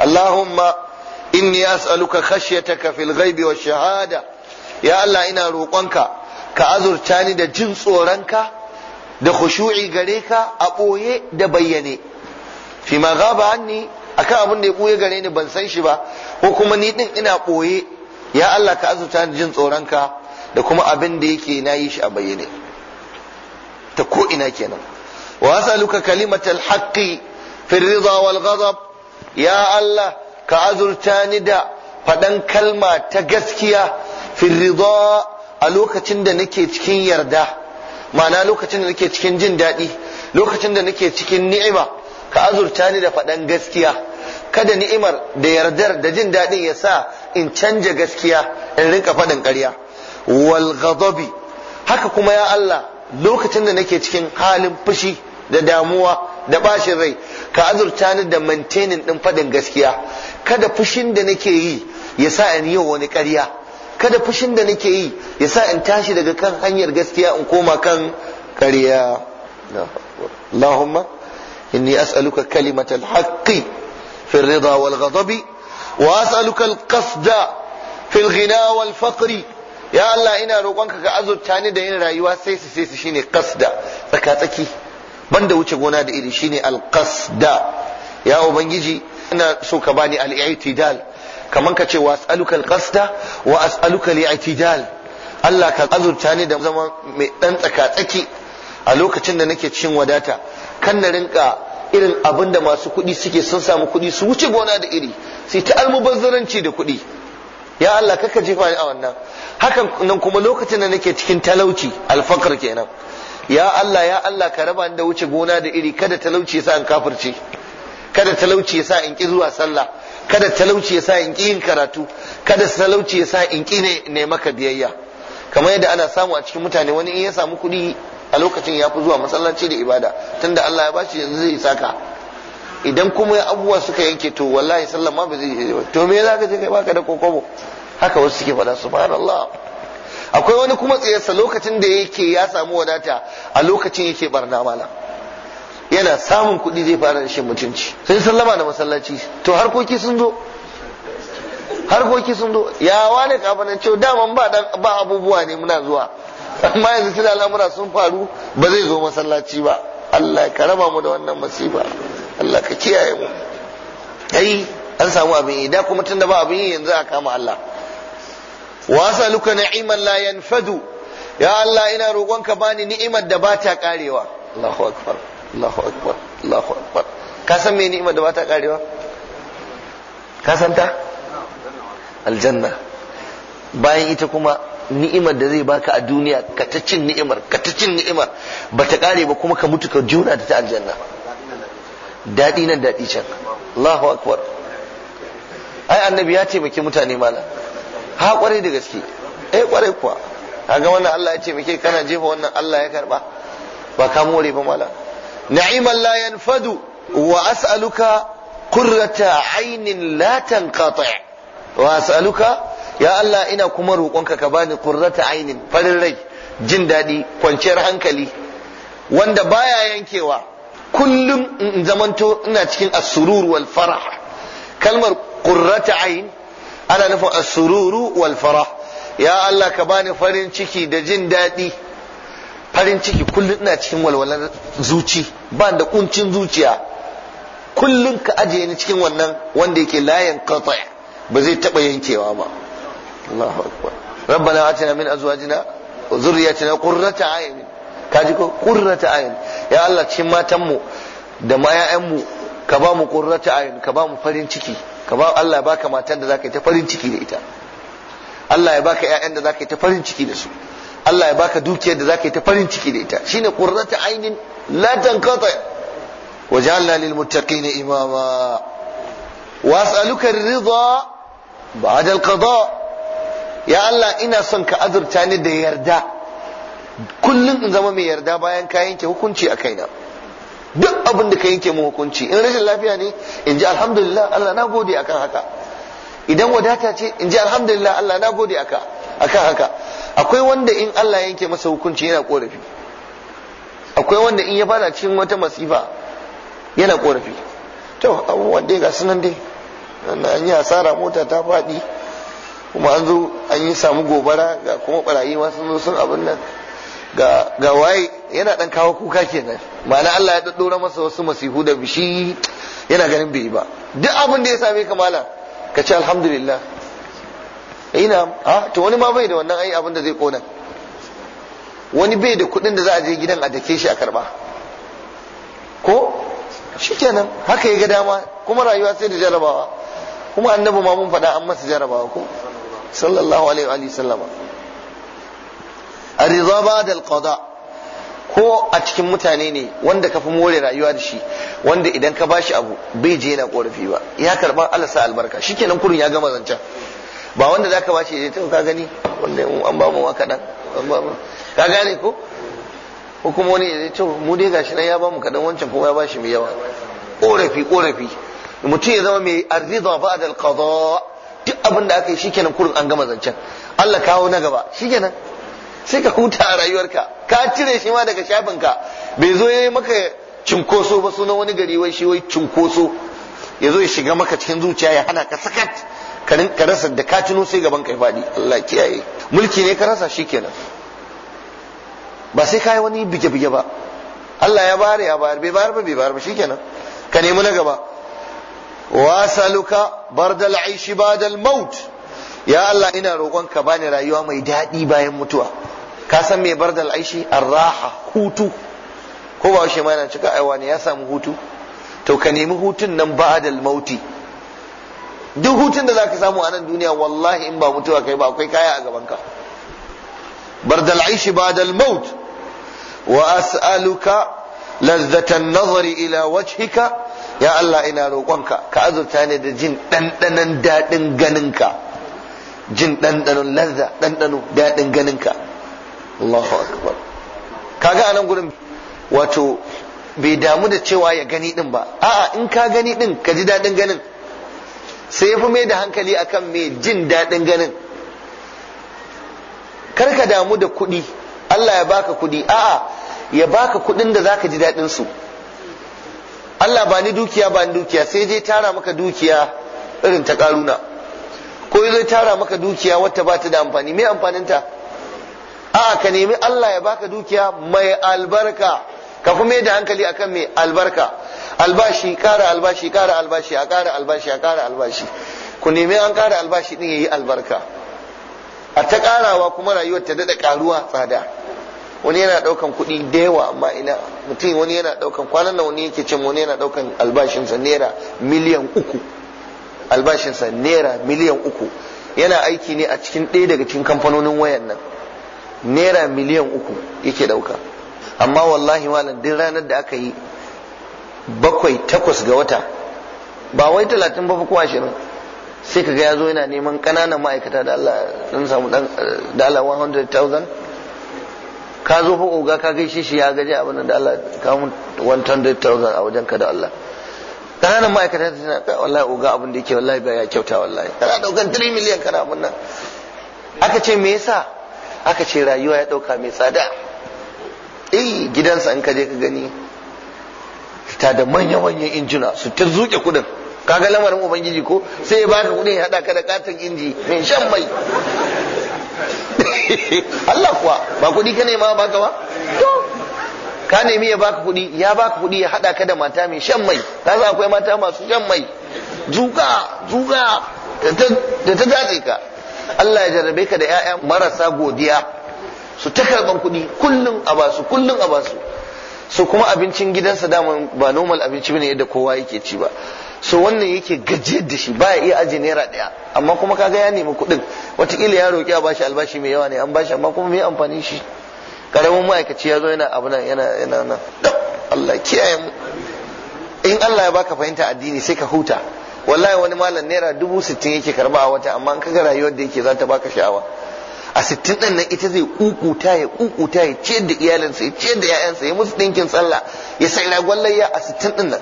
اللهم إني أسألك خشيتك في الغيب والشهادة يا الله إنا روقنك كأذر تاني دا جنس ورنك دا خشوعي غريك أبوي دا بيني فيما غاب عني akan abin da ya ɓoye gare ni ban san shi ba ko kuma ni din ina ɓoye ya Allah ka azurta ni jin tsoronka da kuma abin da yake na yi shi a bayyane ta ko ina kenan wa as'aluka kalimatal haqqi fi ridha wal ghadab ya Allah ka azurta ni da faɗan kalma ta gaskiya firrida a lokacin da nake cikin yarda ma'ana lokacin da nake cikin jin daɗi lokacin da nake cikin ni'ima ka azurta ni da faɗan gaskiya kada ni'imar da yardar da jin daɗin ya sa in canja gaskiya in rinka faɗin ƙarya wal ghadabi haka kuma ya Allah lokacin da nake cikin halin fushi da damuwa da bashin rai ka azurta ni da maintaining din fadin gaskiya kada fushin da nake yi ya sa in yi wani ƙarya kada fushin da nake yi ya sa in tashi daga kan hanyar gaskiya in koma kan ƙarya Allahumma inni as'aluka kalimatal haqqi fi ridha wal ghadabi wa as'aluka al-qasda fi al-ghina wal faqri ya Allah ina roƙonka ka azurta ni da yin rayuwa sai su sai su shine qasda tsaka tsaki banda wuce gona da iri shine alqasda ya ubangiji ina so ka bani al-i'tidal kaman ka ce was'aluka al-qasda wa as'aluka li'tidal Allah ka azurta ni da zama mai dan tsaka tsaki a lokacin da nake cikin wadata kan na rinka irin abin masu kuɗi suke sun samu kuɗi su wuce gona da iri sai ta almubazzaranci da kuɗi ya Allah kaka jefa ni a wannan hakan nan kuma lokacin da nake cikin talauci alfakar kenan ya Allah ya Allah ka raba da wuce gona da iri kada talauci sa in kafirce kada talauci sa in ƙi zuwa sallah kada talauci sa in ƙi yin karatu kada talauci sa in ki ne, ne maka biyayya kamar yadda ana samu a cikin mutane wani in ya samu kuɗi a lokacin ya fi zuwa masallaci da ibada tunda Allah ya bashi yanzu zai saka idan kuma abubuwa suka yanke to wallahi sallah ma ba zai yi to me za ka je kai baka da kokobo haka wasu suke faɗa subhanallah akwai wani kuma tsayarsa lokacin da yake ya samu wadata a lokacin yake barna mala yana samun kuɗi zai fara rashin mutunci sai sallama da masallaci to harkoki sun zo harkoki sun zo ya wani kafanan cewa daman ba abubuwa ne muna zuwa amma yanzu tunda lamura sun faru ba zai zo masallaci ba Allah ka raba mu da wannan masifa Allah ka kiyaye mu ai an samu abin yi da kuma tunda ba abin yi yanzu a kama Allah wa as'aluka na'iman la yanfadu ya Allah ina roƙonka bani ni'imar da bata karewa Allahu akbar Allahu akbar Allahu akbar ka san me ni'imar da bata karewa ka san ta aljanna bayan ita kuma ni'imar da zai baka a duniya ka ta cin ni'imar ka ta cin ni'imar bata kare ba kuma ka mutu ka juna da ta aljanna daɗi nan daɗi can Allahu akbar ai annabi ya taimaki mutane malam ha kwarai da gaske eh kwarai kuwa kaga wannan Allah ya ce muke kana jefa wannan Allah ya karba ba ka more ba mala na'iman la yanfadu wa as'aluka qurrata ainin la tanqati wa as'aluka ya Allah ina kuma roƙonka ka bani qurrata ainin farin rai jin daɗi kwanciyar hankali wanda baya yankewa kullum in zamanto ina cikin as-surur wal farah kalmar qurrata ain ana nufin asururu sururu wal farah ya Allah ka bani farin ciki da jin daɗi farin ciki kullum ina cikin walwalar zuci ba da kuncin zuciya kullum ka ajiye ni cikin wannan wanda yake layan qata ba zai taba yankewa ba Allahu akbar rabbana atina min azwajina wa dhurriyyatina qurrata a'yun kaji ko qurrata a'yun ya Allah cikin matan mu da ma mu ka ba mu qurrata a'yun ka ba mu farin ciki ka ba Allah ya baka matar da zaka yi ta farin ciki da ita Allah ya baka ƴaƴan da zaka yi ta farin ciki da su Allah ya baka dukiyar da zaka yi ta farin ciki da ita shine qurratu ainin la tanqata waj'alna lil muttaqina imama was'aluka ar-ridha ba'da al-qada ya Allah ina son ka azurta ni da yarda kullum in zama mai yarda bayan ka yanke hukunci a kaina duk abin da ka yanke mu hukunci in rashin lafiya ne in ji alhamdulillah Allah na gode akan haka idan wadata ce in ji alhamdulillah Allah na gode akan haka akwai wanda in Allah yanke masa hukunci yana korafi akwai wanda in ya fara cikin wata masifa yana korafi to abubuwan dai ga sunan dai an yi asara mota ta faɗi kuma an zo an yi samu gobara ga kuma barayi ma sun zo sun abin nan ga ga waye yana dan kawo kuka kenan ma'ana Allah ya daddora masa wasu masihu da bishi yana ganin bai ba duk abin da ya same ka mala ka ce alhamdulillah eh, ina ha to wani ma bai da wannan ai abin da zai kona wani bai da kuɗin da za a je gidan a dake shi a karba ko shikenan haka ya ga dama kuma rayuwa sai da jarabawa kuma annabi ma mun faɗa an masa jarabawa ko sallallahu alaihi wa sallama ar ba da alƙada ko a cikin mutane ne wanda ka fi more rayuwa da shi wanda idan ka bashi abu bai je yana korafi ba ya karba Allah sa albarka shikenan kurun ya gama zancen ba wanda zaka bashi ya to ka gani Wanda an ba mu wa kadan an ba mu ka gane ko ko kuma wani ya ce mu dai gashi nan ya ba mu kadan wancan kuma ya bashi mai yawa korafi korafi mutum ya zama mai arziza ba'da al-qada duk abin da aka yi shikenan kurun an gama zancen Allah kawo na gaba shikenan sai ka huta a rayuwarka ka cire shi ma daga shafinka bai zo ya yi maka cinkoso ba sunan wani gari wai shi wai cinkoso ya zo ya shiga maka cikin zuciya ya hana ka sakat ka rasa da ka tuno sai gaban ka ya faɗi Allah kiyaye mulki ne ka rasa shikenan ba sai kai wani bige-bige ba Allah ya bayar ya bayar bai bayar ba bai bayar ba shikenan ka nemi na gaba wasaluka bardal aishi badal maut ya Allah ina roƙon ka bani rayuwa mai daɗi bayan mutuwa ka san me bar aishi arraha hutu ko ba shi ma yana cika aiwa ne ya samu hutu to ka nemi hutun nan adal mauti duk hutun da zaka samu a nan duniya wallahi in ba mutuwa kai ba akwai kaya a gaban ka bar dal aishi adal maut wa as'aluka lazzatan nazari ila wajhika ya Allah ina roƙonka ka azurta ne da jin ɗanɗanon daɗin ganinka jin ɗanɗanon lazza ɗanɗano daɗin ganinka Allahu akbar kaga anan gurin wato bai damu da cewa ya gani din ba a'a in ka gani din ka ji daɗin ganin sai ya fi mai da hankali akan mai jin daɗin ganin kar ka damu da kuɗi Allah ya baka kuɗi a'a ya baka kuɗin da zaka ji daɗin su Allah ba ni dukiya ba ni dukiya sai je tara maka dukiya irin ta karuna ko zai tara maka dukiya wata ba ta da amfani me amfaninta A'a ka nemi Allah ya baka dukiya mai albarka ka kuma da hankali akan mai albarka albashi kara albashi kara albashi a kara albashi a kara albashi ku nemi an kara albashi din yayi albarka a ta karawa kuma rayuwar ta dada karuwa tsada wani yana daukan kuɗi da yawa amma ina mutum wani yana daukan kwanan nan wani yake cin wani yana daukan albashinsa naira miliyan uku albashinsa naira miliyan uku yana aiki ne a cikin ɗaya daga cikin kamfanonin wayan nan naira miliyan uku yake dauka amma wallahi malam din ranar da aka yi bakwai takwas ga wata ba wai talatin ba ko ashirin sai kaga ya zo yana neman ƙananan ma'aikata da Allah sun samu dan dala 100,000 ka zo fa oga ka gaishe shi ya gaji abin da Allah ka mun 100,000 a wajen ka da Allah ƙananan ma'aikata suna wallahi oga abin da yake wallahi ba ya kyauta wallahi kana daukan 3 miliyan kana abin nan aka ce me yasa aka ce rayuwa ya ɗauka mai tsada eh gidansa an kaje ka gani ta da manya-manyan injina su ta zuke kuɗin kaga lamarin ubangiji ko sai ya baka kudin ya haɗa ka da katin inji mai shan mai Allah kuwa ba kuɗi ka nema ka ba to ka nemi ya baka kudi ya baka kuɗi ya haɗa ka da mata mai shan mai ka akwai mata masu shan mai zuka zuka da ta datse ka Allah ya jarrabe ka da 'ya'ya marasa godiya su ta karban kuɗi kullum a basu kullum a basu su kuma abincin gidansa dama ba normal abinci bane yadda kowa yake ci ba so wannan yake gajiyar da shi baya iya aje naira daya amma kuma kaga ya nemi kuɗin wataƙila ya roƙi a bashi albashi mai yawa ne an bashi amma kuma mai amfani shi karamin ma'aikaci ya zo yana abu nan yana yana Allah kiyaye mu in Allah ya baka fahimta addini sai ka huta wallahi wani malam naira dubu sittin yake karba a wata amma in kaga rayuwar da yake za ta baka sha'awa a sittin ɗin nan ita zai kukuta ya kukuta ya ciyar da iyalinsa ya ciyar da 'ya'yansa ya musu ɗinkin sallah ya sai ragon layya a sittin ɗin nan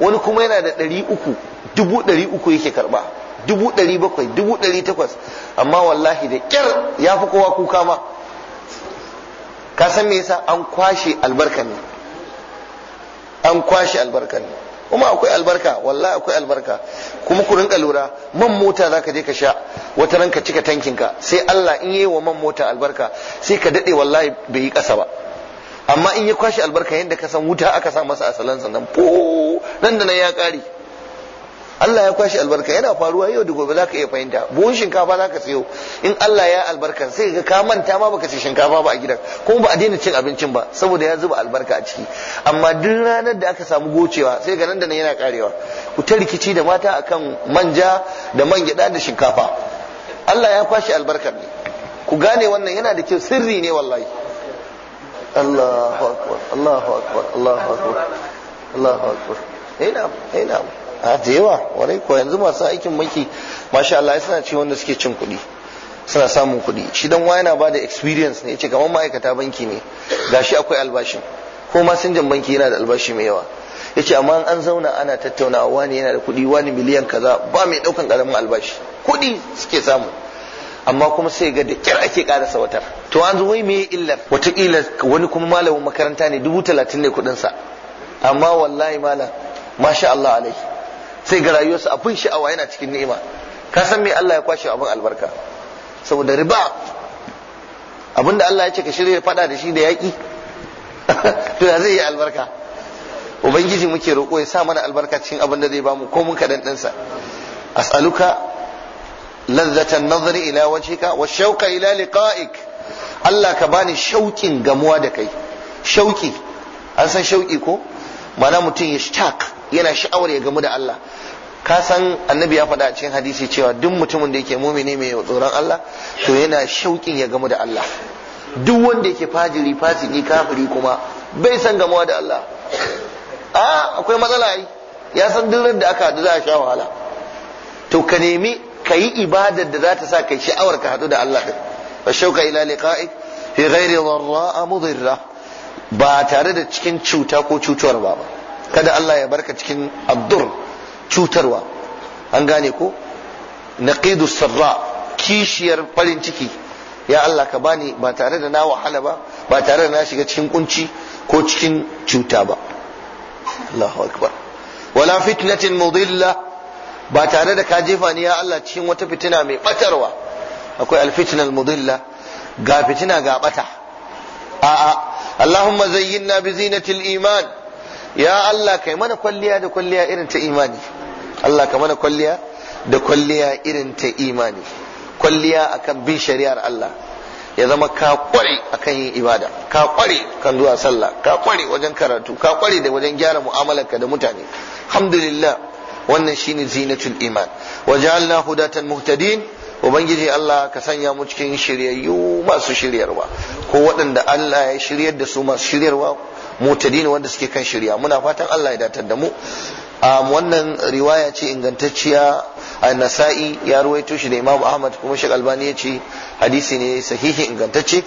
wani kuma yana da ɗari uku dubu ɗari uku yake karba dubu ɗari bakwai dubu ɗari takwas amma wallahi da kyar ya fi kowa kuka ma ka san me yasa an kwashe albarkan an kwashe albarkan kuma akwai albarka wallahi akwai albarka kuma ku rinka lura man mota zaka je ka sha wata ranka cika tankin ka sai Allah in yi wa man mota albarka sai ka dade wallahi bai yi kasa ba amma in ya kwashi albarka yadda ka san wuta aka sa masa asalan sannan po nan da nan ya kare Allah ya kwashi albarka yana faruwa yau da gobe zaka iya fahimta buhun shinkafa zaka sayo in Allah ya albarka sai ka ka manta ma baka ci shinkafa ba a gidan kuma ba a daina cin abincin ba saboda ya zuba albarka a ciki amma duk ranar da aka samu gocewa sai ga nan da nan yana karewa ku ta rikici da mata akan manja da man gyada da shinkafa Allah ya kwashi albarkar ne ku gane wannan yana da kyau sirri ne wallahi Allahu akbar Allahu akbar Allahu akbar Allahu akbar ina eh ina eh a da yawa warai ko yanzu masu aikin maki masha Allah suna ci wanda suke cin kuɗi suna samun kuɗi shi dan wa yana bada experience ne yace kamar ma'aikata banki ne gashi akwai albashi ko masinjan banki yana da albashi mai yawa yace amma an zauna ana tattaunawa wani yana da kuɗi wani miliyan kaza ba mai ɗaukan ƙaramin albashi kuɗi suke samu amma kuma sai ga da kyar ake karasa watar to an zo wai meye illar watakila wani kuma malamin makaranta ne dubu talatin ne kuɗinsa amma wallahi malam masha Allah alaihi sai ga rayuwarsa abin sha'awa yana cikin ni'ima ka san me Allah ya kwashe abin albarka saboda riba abinda Allah ya ce ka shirya fada da shi da yaƙi to ya zai yi albarka ubangiji muke roƙo ya sa mana albarka cikin abin da zai bamu ko mun kaɗan ɗinsa as'aluka lazzatan nazari ila wajhika wa ila liqa'ik Allah ka bani shauƙin gamuwa da kai shauƙi an san shauƙi ko mana mutum ya shtaq yana sha'awar ya gamu da Allah ka san annabi ya faɗa a cikin hadisi cewa duk mutumin da yake mumini mai tsoron Allah to yana shauƙin ya gamu da Allah duk wanda yake fajiri fasiki kafiri kuma bai san gamuwa da Allah a akwai matsala ai ya san duk da aka haɗu za a sha wahala to ka nemi ka yi ibadar da za ta sa kai sha'awar ka haɗu da Allah din shauka ila liqa'i fi ghairi dharra mudirra ba tare da cikin cuta ko cutuwar ba ba kada Allah ya barka cikin addur cutarwa an gane ko naqidu sarra kishiyar farin ciki ya Allah ka bani ba tare da na wahala ba ba tare da na shiga cikin kunci ko cikin cuta ba Allahu akbar wala fitnatin mudilla ba tare da ka jefa ni ya Allah cikin wata fitina mai batarwa akwai alfitnal mudilla ga fitina ga bata a'a Allahumma zayyinna bi zinatil iman ya Allah kai mana kwalliya da kwalliya irin ta imani Allah ka mana kwalliya da kwalliya irin ta imani kwalliya akan bin shari'ar Allah ya zama ka kware akan yin ibada ka kware kan zuwa sallah ka kware wajen karatu ka kware da wajen gyara mu'amalarka da mutane alhamdulillah wannan shine zinatul iman wa ja'alna hudatan muhtadin ubangiji Allah ka sanya mu cikin shiryayyu masu shiryarwa ko waɗanda Allah ya shiryar da su masu shiryarwa ne wanda suke kan shirya muna fatan Allah ya datar da mu um, wannan riwaya ce ingantacciya a nasa'i ya ruwaito shi da imamu ahmad kuma shi albani ya ce hadisi ne sahihi ingantacce